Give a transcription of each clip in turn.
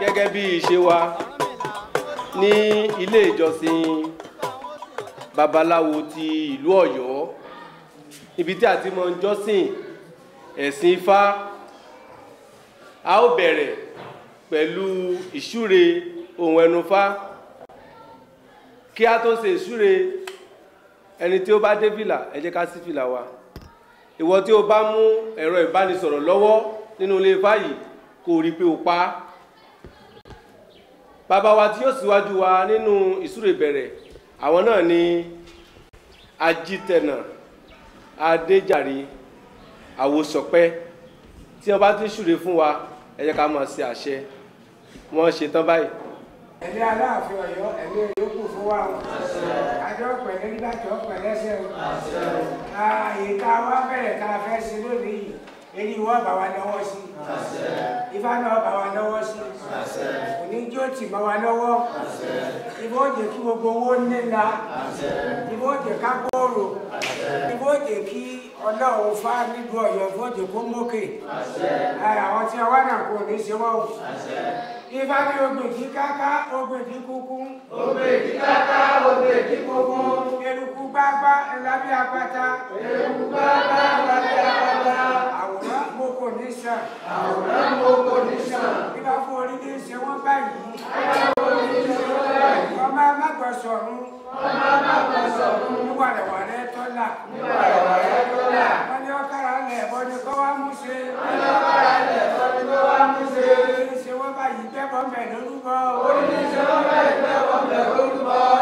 gẹ́gẹ́ bí wa ní ilé ìjọsìn babaláwo ti ìlú Ọ̀yọ́ ibi tí a ti mọ jọ́sìn ẹ̀sìn Ifá a ó bẹ̀rẹ̀ pẹ̀lú ìṣúre ohun ẹnu fá kí a tó ṣe ìsúre ẹni tí ó bá dé fìlà ẹ jẹ́ ká sí fìlà wa ìwọ tí o bá mú ẹ̀rọ ìbánisọ̀rọ̀ lọ́wọ́ nínú ilé fáyì kò rí pé o pa á bàbá wa tí yóò síwájú wa nínú ìsúre ìbẹ̀rẹ̀ àwọn náà ni ajitẹ̀nà adéjàre àwòsọ̀pẹ́ tí wọ́n bá ti ṣúre fún wa ẹ jẹ́ ká máa ṣe àṣẹ wọ́n ṣe tán báyìí. ẹ̀yin aláàfin ọ̀yọ́ ẹ̀yin yòókù wa o àjọ pẹ̀lẹ́ nígbà tó pẹ̀lẹ́ ṣe o tá a fẹ́ ṣe lónìí yìí èyí wọ́n bá wa lọ́wọ́ sí ifá náà bá wa lọ́wọ́ sí òní bá wa lọ́wọ́ ìbò jẹ́ kí gbogbo owó nílá ìbò o ká gbòòrò ìbò jẹ́ kí fá ọ̀yọ́ ìbò kó mókè àwọn tí ní ṣe wọ́n o ogbèjì káká ogbèjì kúkú ogbèjì káká. èjì funfun. Eruku gbágbá lábí àpáta. Eruku gbágbá lábí àpáta. Àwòrán mo kò ní sàn. Àwòrán mo kò ní sàn. Bíbá fún orí ní ṣe wọ́n báyìí. Bíbá fún orí ní ṣe wọ́n báyìí. Ọmọ amágbọ̀ sọ̀run. Ọmọ amágbọ̀ sọ̀run. Níwà rẹ̀ wà rẹ̀ tọ́lá. Níwà rẹ̀ wà rẹ̀ tọ́lá. Wọ́n ní ọkàrà lẹ̀ bọ́ kọ́ wá mú ṣe. Wọ́n ní ọkàrà lẹ̀ bọ́ kọ́ wá mú ṣe. Orí ní ṣe wọ́n báyìí mẹ́ lórúkọ. Orí ní ṣe wọ́n báyìí mẹ́ lórúkọ.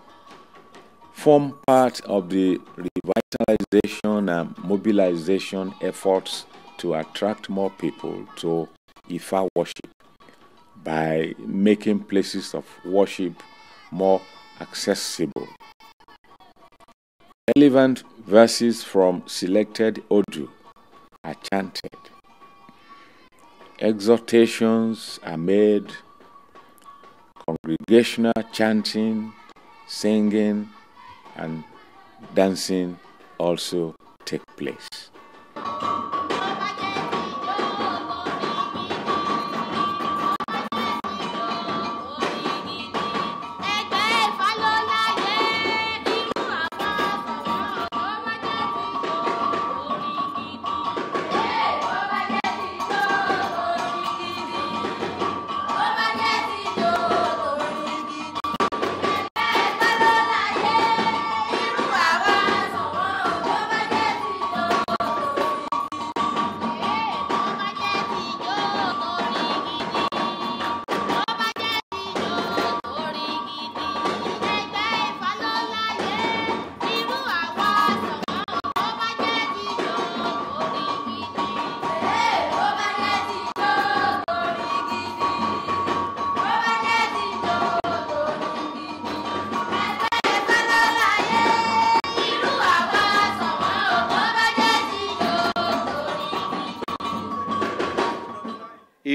form part of the revitalization and mobilization efforts to attract more people to Ifa worship by making places of worship more accessible. Relevant verses from selected Odu are chanted. Exhortations are made, congregational chanting, singing, and dancing also take place.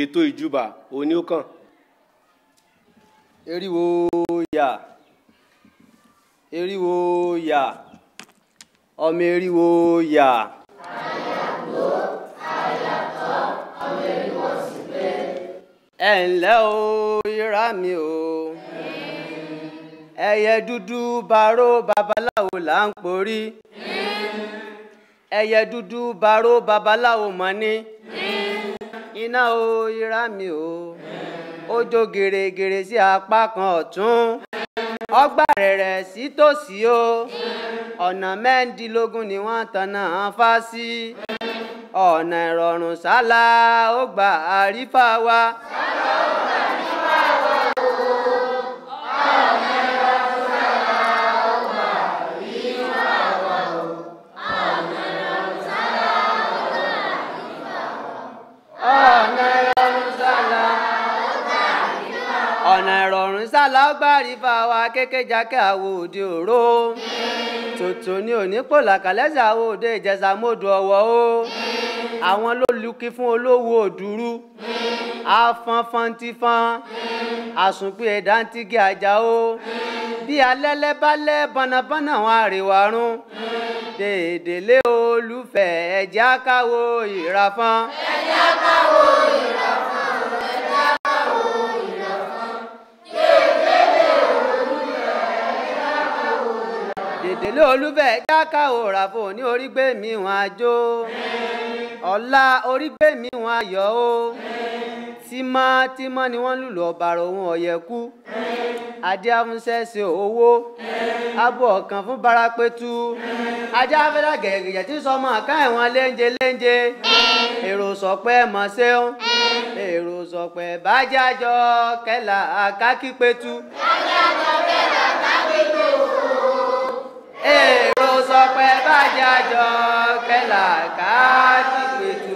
ètò ìjúbà òní ó kàn. eriwo ya, eriwo yà ọmọ eriwo yà. àyàgbó àyàtọ̀ ọmọ eriwo sì pé. ẹ ǹlẹ́ o ìrá mi o ẹyẹ dúdú baró babaláwo là ń porí ẹyẹ dúdú baró babaláwo mọ́ ni. Mm iná o irá mi o ó jó gèrègèrè sí apá kan ọ̀tún ọgbà rẹ̀rẹ̀ sí tòsí o ọ̀nà mẹ́ndínlógún ni wọ́n tanná fá sí ọ̀nà ìrọ̀rùn sálà ó gbà àrífà wa. sálà ó gbà àrífà wa. ọ̀nà ìrọ̀rùn sálà ọ̀nà ìrọ̀rùn sálà ó gbàrí fa wa kékéjákè àwo òde òró tòtò ni òní pòlàkàlẹ́sẹ̀ àwo òde ìjẹsà mọ́dù ọ̀wọ́ o àwọn ló lukí fún olówó òdúrú afọ́nfọ́ntífọ́n àsùnpé ẹ̀dántigi àjà o bí alẹ́lẹ́ bá lẹ́ bọ̀nàbọ̀nà wọn àrèwárún. Mm dé èdèlé olùfẹ́ ẹ̀já káwo ìràfán. ẹ̀já káwo ìràfán. ẹ̀já káwo ìràfán. èdèlé olùfẹ́ ẹ̀já káwo ìràfán. èdèlé olùfẹ́ ẹ̀já káwo ìràfán ní orígbé mi wọn àjò. ọ̀la orígbé mi wọn ayọ̀ o tímátímá ni wọ́n lùlù ọ̀bàrà òun ọ̀yẹ̀kú adé afúnṣẹ́ṣe owó abọ́ ọ̀kan fún barapetu ajá afẹ́lá gẹ̀gẹ̀gẹ̀ tí sọmọ àká ẹ̀wọ̀n léńje léńje èrò sọ̀pẹ́ mọ̀ ṣeun èrò sọ̀pẹ́ bájájọ kẹlà àkákípetu. bájájọ kẹlà àkákípetu. èrò sọ̀pẹ́ bájájọ kẹlà àkákípetu.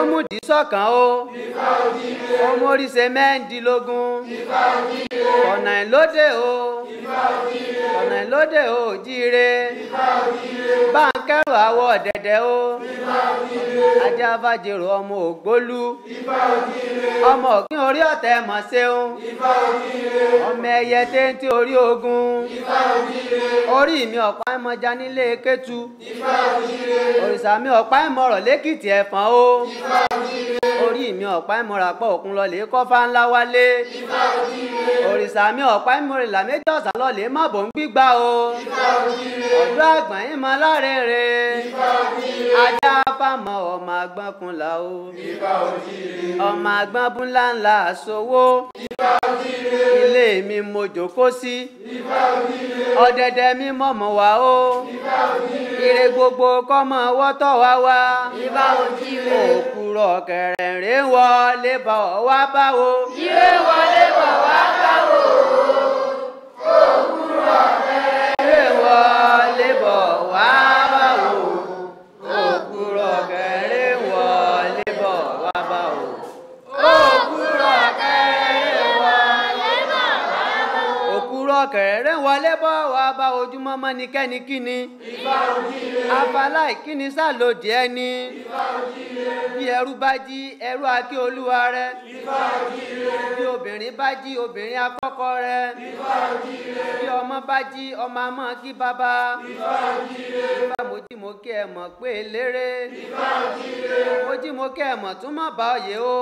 ó mú dì sọ̀kan ó ó mórí sẹ́mẹ́ǹdínlógún ọ̀nà ìlódé ó ọ̀nà ìlódé ó jíire bá ń. akẹ́rù àwọ̀ ọ̀dẹ̀dẹ̀ o ajáfàjèrò ọmọ ògbólú ọmọ ògín orí ọ̀tẹ̀ mọ̀ ṣeun ọmọ ẹyẹ téńté orí ogun orí mi ọ̀pá nílé òrìṣà mi ọ̀pá lẹ́kìtì ẹ̀fọ́n o orí mi ọ̀pá pọ̀ òkun kọ́fà ńlá wálé òrìṣà mi ọ̀pá o àgbọ̀n yín ajá fámọ ọmọ àgbọn kun là ó ọmọ àgbọn bú ńláńlá àṣọwó ilé mi mo jókòó sí ọ̀dẹ̀dẹ̀ mi mọ̀mọ́ wa o ire gbogbo kọ́mọ wọ́tọ̀ wá wá òkúrọ̀ kẹrẹ̀rẹ̀ wọlé bọ̀ wá bá o. ire wọlé bọ̀ wá bá o òkúrọ̀ kẹrẹ̀rẹ̀. kẹ̀rẹ́ wọlé bọ́ wà bá ojúmọ́ mọ́ ni kẹ́ni kíni. ìfà afala ìkíni sàlòdì ẹni. ìfà bí ẹrú bá jí ẹrú akí olúwa rẹ. ìfà bí obìnrin bá jí obìnrin akọ́kọ́ rẹ. ìfà bí ọmọ bá jí ọmọ amọ́ kí mojimoke mọ̀ pé eléré. ìfà mojimoke mọ̀ tún mọ̀ bá òye o.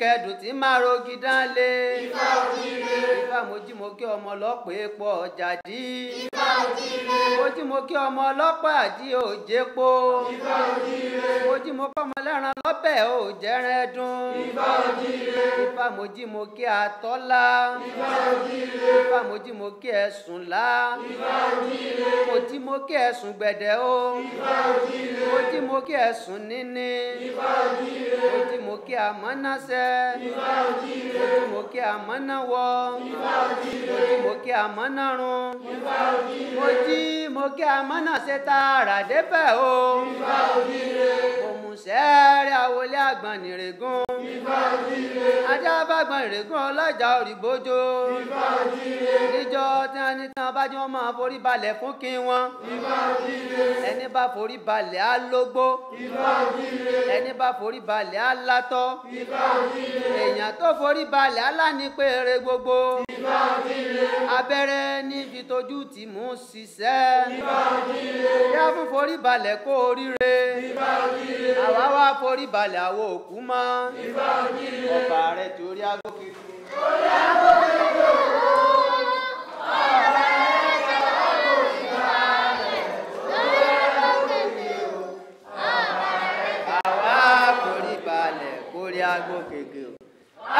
kẹdùn tí máa rogi dánlé. Ifá òjìrè. Ifá mojimoke ọmọ ọlọ́pàá epo ọ̀jàdí. Ifá òjìrè. Mojimoke ọmọ ọlọ́pàá àdí òjèpo. Ifá òjìrè. Mojimoke ọmọ ẹlẹ́ran lọ́bẹ̀ òjẹ́rẹ́dún. Ifá òjìrè. Ifá mojimoke àtọ́lá. Ifá òjìrè ifá mo jí mo kí ẹ sùn lá. ifá òjìlé. mo jí mo kí ẹ sùn gbẹ̀dẹ̀ o. ifá òjìlé. mo jí mo kí ẹ sùn níní. ifá òjìlé. mo jí mo kí amánásẹ́. ifá òjìlé. mo jí mo kí amánáwọ. ifá òjìlé. mo jí mo kí amánárun. ifá òjìlé. mo jí mo kí amánásẹ́ tààrà débẹ̀ o. ifá òjìlé. mo mú sẹ́ẹ̀rẹ̀ àwọlé àgbọ̀nìrègún ajábàgbọ̀n ìrègùn ọlọ́jà òrìbójó. níjọ́ tí wọ́n ní tí wọ́n bá jẹ́ wọ́n máa forí balẹ̀ fún kí wọ́n. ẹni bá forí balẹ̀ á lógbó. ẹni bá forí balẹ̀ á látọ́. èèyàn tó forí balẹ̀ á lánípẹ̀ẹ́rẹ́ gbogbo abẹ́rẹ́ ní fitojú tí mò ń ṣiṣẹ́. yá fún forí balẹ̀ kó oríire. àwa wá forí balẹ̀ àwo òkú mọ́. ọba rẹ̀ torí agókè kú. torí agókè kú.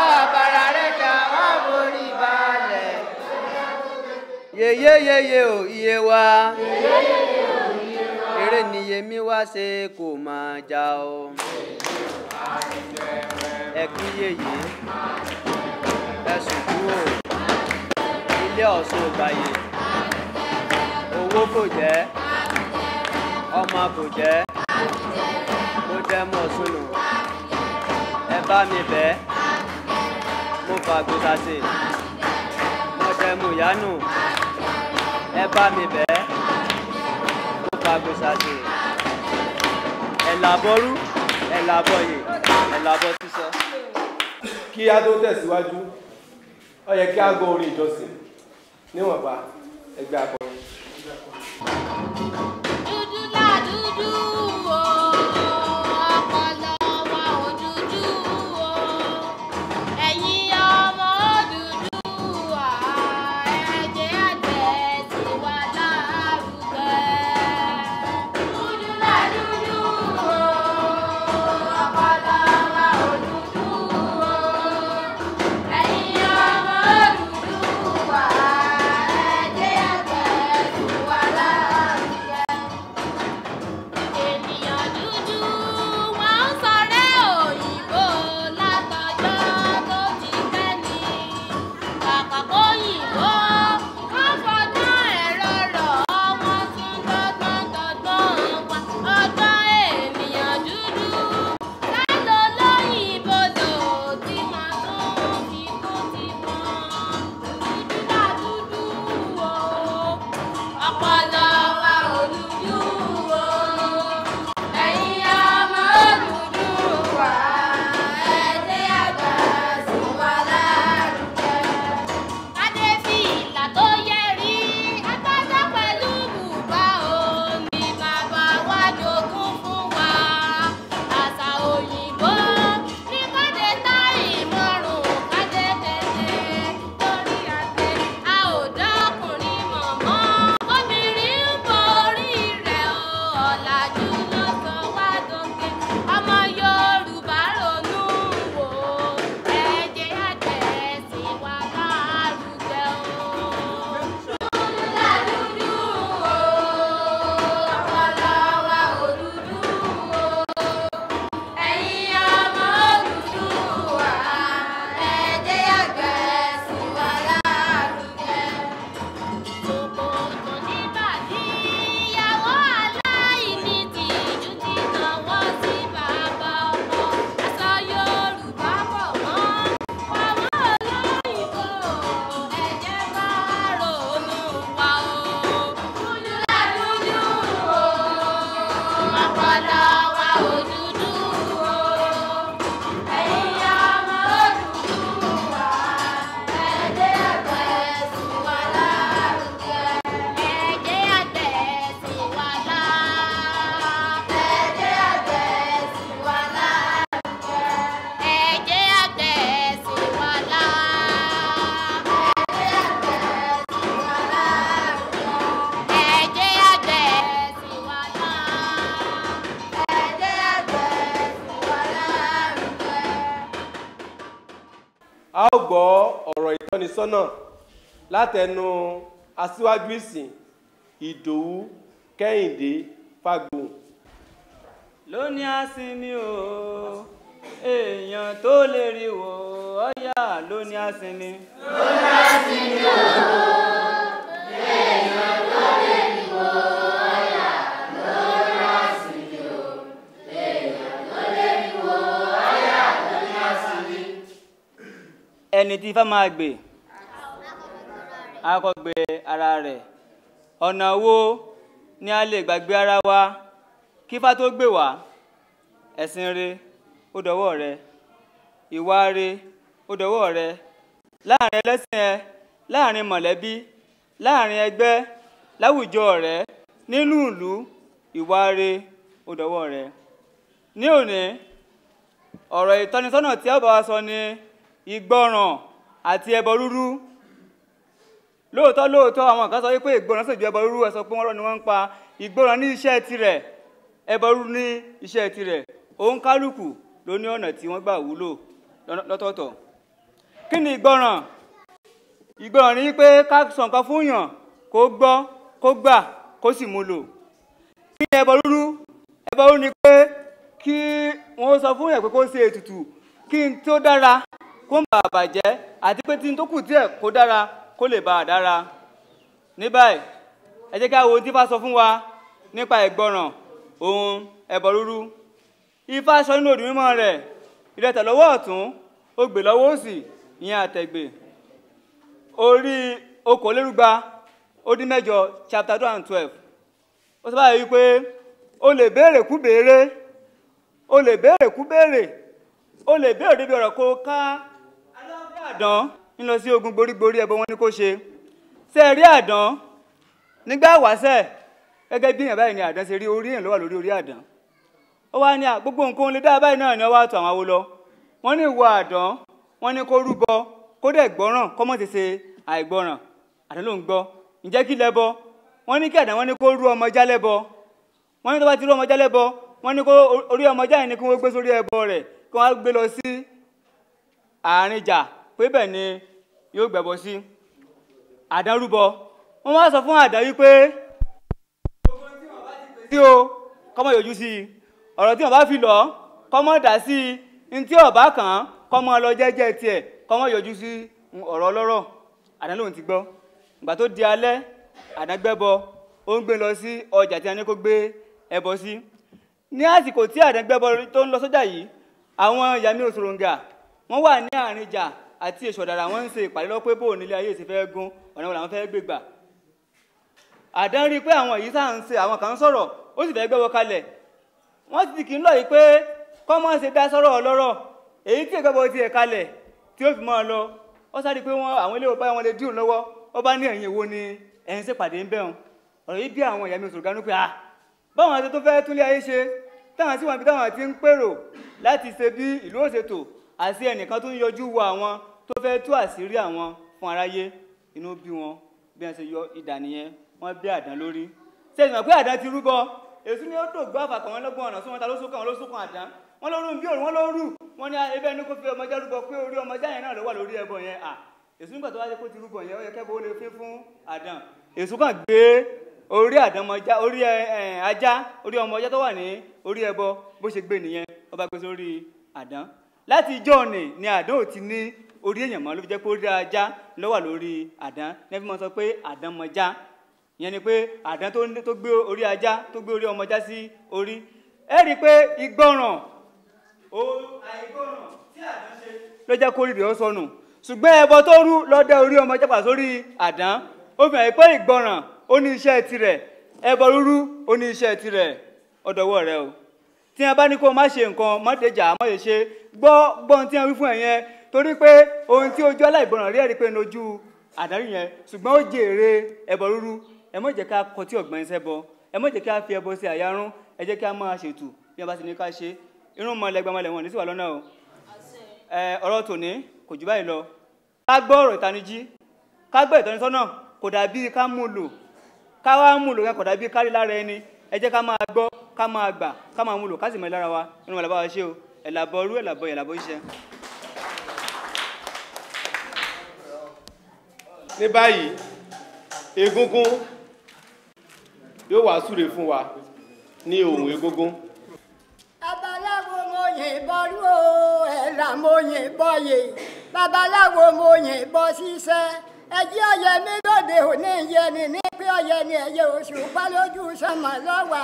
ọba rẹ̀. Ye o iye wa eré ni yèmí wá ṣe kò máa já o ẹ kí yèyé ẹ ṣùkú o ilé ọ̀ṣun ògbàyè owó kò jẹ́ ọmọ kò jẹ́ ló jẹ́ mọ́ ọ̀ṣun nù ẹ bá mi bẹ́ẹ̀ mo fàgbọ́sà mo jẹ́ mo yánù ẹ bá mi bẹ́ẹ̀ ó fagbó sáde ẹ̀ làbọ́rú ẹ̀ làbọ̀yè ẹ̀ làbọ̀ sísọ. kí a tó tẹ̀síwájú ó yẹ kí a gbọ́ orin ìjọsìn níwọ̀nba ẹgbẹ́ akọrin. ìtọ́nisọ́nà látẹnu aṣíwájú ìsìn ìdòwú kẹ́hìndé fagbo. lónìí àsinmi o èèyàn tó lè rí wò ọ̀yà lónìí lónìí àsinmi lónìí àsinmi o èèyàn tó lè rí wò ọ̀yà ẹni tí ifá máa gbè akọgbẹ ara rẹ̀ ọ̀nà wo ni a lè gbàgbé ara wa kífá tó gbè wá ẹ̀sìn re ó dọwọ́ rẹ ìwà re ó dọwọ́ rẹ láàrin ẹlẹ́sìn ẹ láàrin mọ̀lẹ́bí láàrin ẹgbẹ́ láwùjọ rẹ nínú ìlú ìwà re ó dọwọ́ rẹ ní òní ọ̀rọ̀ ìtọ́nisọ́nà tí a bá wa sọ ni ìgbọràn àti ẹbọ rúrú lóòótọ́ lóòótọ́ àwọn kan sọ wípé ìgbọràn sèjú ẹbọ rúrú ẹ sọ pé wọ́n rọ́ ni wọ́n ń pa ìgbọràn ní iṣẹ́ tirẹ̀ ẹbọ rúrú ní iṣẹ́ tirẹ̀ òun kálukú ló ní ọ̀nà tí wọ́n gbà wúlò lọ́tọ̀ọ̀tọ̀ kí ni ìgbọràn ìgbọràn ni pé ká sọ nǹkan fún yàn kó gbọ́ kó gbà kó sì mú lò kí ni ẹbọ rúrú ẹbọ rúrú ni pé kí wọ́n sọ fún yàn pé kó ṣe ètùtù kí n tó dára kó ń bàbàjẹ́ àti pé tí n tó kù díẹ̀ kó dára kó lè bá a dára ní báyìí ẹ jẹ́ ká wo tí Ifá sọ fún wa nípa ìgbọràn ohun ẹbọ rúrú Ifá sọ nínú òdì mímọ́ rẹ̀ ìrẹ̀tẹ̀ lọ́wọ́ ọ̀tún ó gbè lọ́wọ́ òsì ìyẹn àtẹ̀gbè orí okòólérúgba ó dín mẹ́jọ chapter two and twelve ó sọ báyìí wípé o lè béèrè kú béèrè o lè béèrè kú béèrè o lè béèrè débi ọ̀rọ̀ kó ká alábàdàn ń lọ sí ogun gborígborí ẹbọ wọn ni kò ṣe ṣe rí àdán nígbà wàṣẹ gẹ́gẹ́ bí èèyàn báyìí ni àdán ṣe rí orí èèyàn ló wà lórí orí àdán ó wá ní gbogbo nǹkan lè dá báyìí náà ni wọ́n wá tó àwọn awo lọ wọ́n ní ìwọ àdán wọ́n ní kó rúbọ kó dẹ̀ gbọ́ràn kó mọ̀ ti ṣe àìgbọ́ràn àdán ló ń gbọ́ ǹjẹ́ kí lẹ́bọ wọ́n ní kí àdán wọ́n ní kó rú ọmọ jálẹ́bọ wọ́n ní tó bá ti rú ọmọ jálẹ́bọ wọ́n ní kó orí ọmọ jáde ni kí wọ́n gbé sórí ẹbọ rẹ̀ kí wọ́n gbé lọ sí àárín jà pé bẹ́ẹ̀ ni yóò gbẹ̀bọ sí àdá rúbọ wọ́n wá sọ fún àdá wípé gbogbo tí wọ́n o kọ́mọ yòójú sí i ọ̀rọ̀ tí wọ́n bá fi lọ kọ́mọ dà sí i ní tí ọ̀bá kàn án kọ́mọ lọ jẹ́jẹ́ tiẹ̀ kọ́mọ yòójú sí ọ̀rọ̀ ọlọ́rọ̀ àdá lòun ti gbọ́ ìgbà tó di alẹ́ àdá gbẹ́bọ ó ń gbé lọ sí ọjà tí a ní kó gbé ẹbọ sí ní àsìkò tí àdá gbẹ́bọ tó ń lọ sọ́jà yìí àwọn ìyá mi òṣòròǹgà wọ́n wà ní àárín ìjà àti èṣù ọ̀dàrà wọ́n ń ṣe ìpàdé lọ pé bó nílé ayé ti fẹ́ gún ọ̀nà wọn làwọn fẹ́ gbé gbà àdán rí i pé àwọn èyí sáà ń ṣe àwọn kan sọ̀rọ̀ ó sì fẹ́ gbẹ́wọ́ kalẹ̀ wọ́n ti kì í lọ yìí pé kọ́ máa ń ṣe dá sọ́rọ̀ ọlọ́rọ̀ èyí tí ìgbẹ́bọ̀ ti ẹ̀ kalẹ̀ tí ó fi máa lọ ó sáré pé wọ́n àwọn ilé ọba wọn lè dìrùn lọ́wọ́ ó bá ní ẹ̀yìn wo ni ẹ̀yìn ṣe pàdé ń bẹ̀rùn ọ̀rọ̀ yìí bí àwọn ìyá mi sọ̀rọ̀ ganu pé ah báwọn àti tó fẹ́ túnlé ayé ṣe táwọn sì wọn bí táwọn ti àti ẹnìkan tó ń yọjú wo àwọn tó fẹ́ tú àṣírí àwọn fún aráyé inú bí wọn bí wọ́n ṣe yọ idà nìyẹn wọ́n bí àdán lórí ṣe ìmọ̀ pé àdán ti rúbọ èsù ni ó dògbò àfàkàn wọn lọ́gbọ̀n ọ̀nà sí wọn ta ló sókàn wọn ló sókàn àdán wọn ló rún bí òrùn wọn ló rù wọn ní ah, ebẹ́ ẹni kó fi ọmọjá rúbọ pé orí ọmọjá yẹn náà ló wà lórí ẹbọ yẹn à ah, èsù nígbà tó wá yẹ kó ti rúbọ yẹn ó yẹ kẹ́bọ ó lè fi fún àdán èsù kan gbé orí àdánmọjá orí eh, eh, ajá orí ọmọjá tó wà ní orí ẹbọ bó ṣe gbé nìyẹn ó bá gbé sórí àdán láti ìjọ òní ni àdán ò ti ní orí èèyàn mọ́ ló fi jẹ́ pé orí ajá ló wà lórí àdán ní fi mọ́ sọ pé àdán mọjá ìyẹn ni pé àdán tó gbé orí ajá tó gbé orí ọmọjá sí orí ẹ rí i pé ìgbọràn ó àìgbọràn tí àdán ṣe ló jẹ́ kó rírì ó sọnù ṣùgbọ́n ẹbọ tó rú lọ́dẹ orí ọmọjá pàṣẹ orí àdán ó fi hàn pé ìgbọràn ó ní iṣẹ́ tirẹ̀ ẹbọ rúrú ó ní iṣẹ́ tirẹ̀ ọ̀dọ̀wọ́ rẹ o tí a bá ní kó má ṣe nǹkan má dèjà má lè ṣe gbọ́ gbọ́n tí a wí fún ẹ yẹn torí pé ohun tí ojú aláìgbọràn rí ẹ̀rí pé nojú àdáyé yẹn ṣùgbọ́n ó jèrè ẹbọ rúru ẹ má jẹ́ ká kọtí ọ̀gbọ́n iṣẹ́ bọ ẹ má jẹ́ ká fi ẹbọ sí àyárún ẹ jẹ́ ká máa ṣètù bí wọ́n bá ti ní ká ṣe irun mọ lẹgbẹmọlẹ wọn ní sí lọ́nà o ọ̀rọ̀ tòní kò jù báyìí lọ ká gbọ́ ọ̀rọ̀ ìtanijí ká gbọ́ ìtọ́nisọ́nà kò dàbí ká mú lò ká wá mú lò yẹn kò dàbí ká lára ẹni ẹ jẹ́ ká máa gbọ́ ká máa gbà ká máa múlò ká sì mọ ìlara wa nínú àlàbà wa ṣe o ẹ̀làbọ̀ rú ẹ̀làbọ̀ ẹ̀làbọ̀ iṣẹ́. ní báyìí egungun yóò wá súre fún wa ní ohun egungun. babaláwo mo yìnbọn rú o ẹ̀là mo yìnbọn yè babaláwo mo yìnbọn ṣiṣẹ́ ẹjí ọyẹ mi lóde òní yẹni ní pé ọyẹ ni ẹyẹ oṣù pa lójú sọmọ lọwà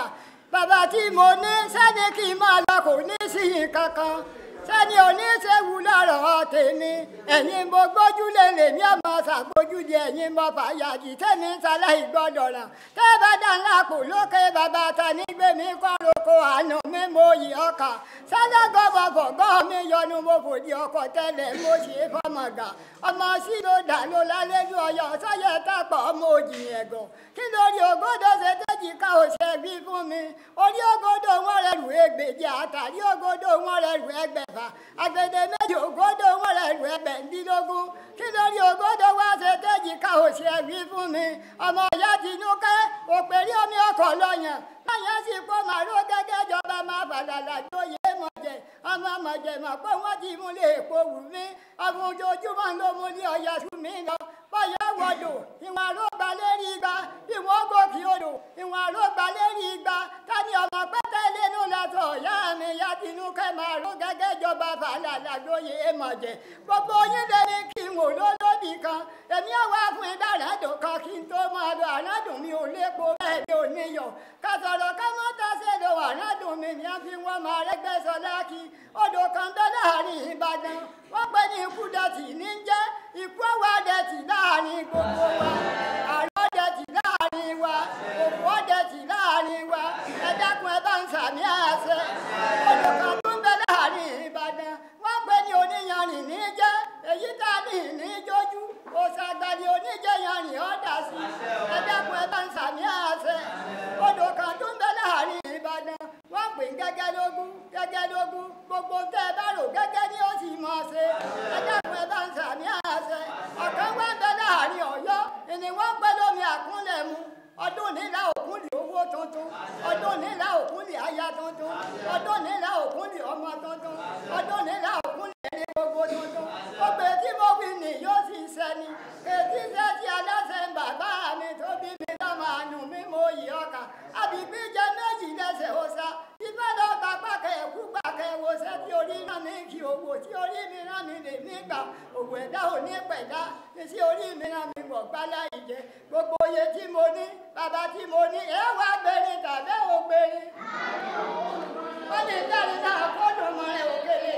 bàbá tí mo ní sẹ́ni kì í máa lọ kò ní sí yìí kankan sẹ́ni oníṣègùn lọ́rọ̀ tèmi ẹ̀yin mo gbójúlé lèmi ọmọ ṣàgbójúlé ẹ̀yin mo fàyàjì tẹ́mi ṣaláì gbọ́dọ̀ rà tẹ́ bá dà ńlá kò lókè bàbá ta nígbè mi kọ́ àná mi mo yí ọkà sẹ́lẹ̀gọ́ mo fọ̀gọ́ mi yọnu mo fòdì ọkọ̀ tẹ́lẹ̀ mo ṣe é fọmọ̀gà ọmọ sí ló dà ló lálẹ́ ju ọyọ sọ́yẹ́ tápọ̀ ọmọ òjìyẹn gan kí lórí ògbódò ṣe tẹ́ ejika òṣèlú fún mi orí ògodò wọn rẹ rù ẹgbẹ̀je àtàrí ògodò wọn rẹ rù ẹgbẹ̀fà agbèdè méjì ògodò wọn rẹ rù ẹgbẹ̀ndínlógún kí lórí ògodò wá ṣe tẹ́jìká òṣèlú fún mi ọmọ ìyá tinúkẹ́ òpèrè omi ọkọ̀ lọ́yàn báyẹn sì kó màró gẹ́gẹ́ jọba máa fàdàlà ọmọ màjẹ̀mọ̀ pé wọ́n ti mú lè po wù mí ọmọ ojoojúmọ́ ló mú ní ọ̀yà sùn mí lọ báyà wọ̀dọ̀ ìwọ̀n àrógbà lérí igba ìwọ̀n gòkè odò ìwọ̀n àrógbà lérí igba ká ọmọ pẹ́tẹ́ lẹ́nu lọ́tọ̀ ọ̀yá mi ya tinú kẹ́ máa ró gẹ́gẹ́ jọba fàlàlà lóye èèmọ̀jẹ̀ gbogbo yín lè ní kí n wò lọ́lọ́ débì kan èmi ò wá fún ẹgbẹ́ aládùn kan kí n tó máa lọ aládùn mi ò lépo bẹ́ẹ̀ mi ò níyọ̀ kàtàrọ̀ ká mọ́ tàṣẹ lọ aládùn mi ni a fi wọ́n máa rẹ́gbẹ́ sọlá kí odò kan bẹ́ láàrin Ìbàdàn wọ́n pẹ́ ní ikú dẹ̀tì ní jẹ́ ikú ọwọ́ dẹ̀tì láàrin gbogbo wa. ìyá tuntun ọdún nílà òkúnlẹ̀ ọmọ tuntun ọdún nílà òkúnlẹ̀ ẹni gbogbo tuntun ọgbẹ́ tí mo wí ni yóò sì sẹ́ni ètí iṣẹ́ tí aláṣẹ bàbá mi tó bí mi lọ́mọ àánú mi mo yí ọkà àbíbí jẹ méjì lẹ́sẹ̀ ọ̀sá ìfẹ́ lọ bàbá kẹ̀kú gbà kẹ̀wò ṣẹ́ tí orí náà ní kí owó tí orí mi rán mi lè mí òwò ẹ̀dá ò pẹ̀dá ní orí mi rán mi mọ̀ gbá láì gbogbo oyè tí mo ní bàbá tí mo ní ẹ wá gbẹrin tàbí ò gbẹrin. wọ́n lè dárí dáa kó dùn mọ́ ẹ òkèlè.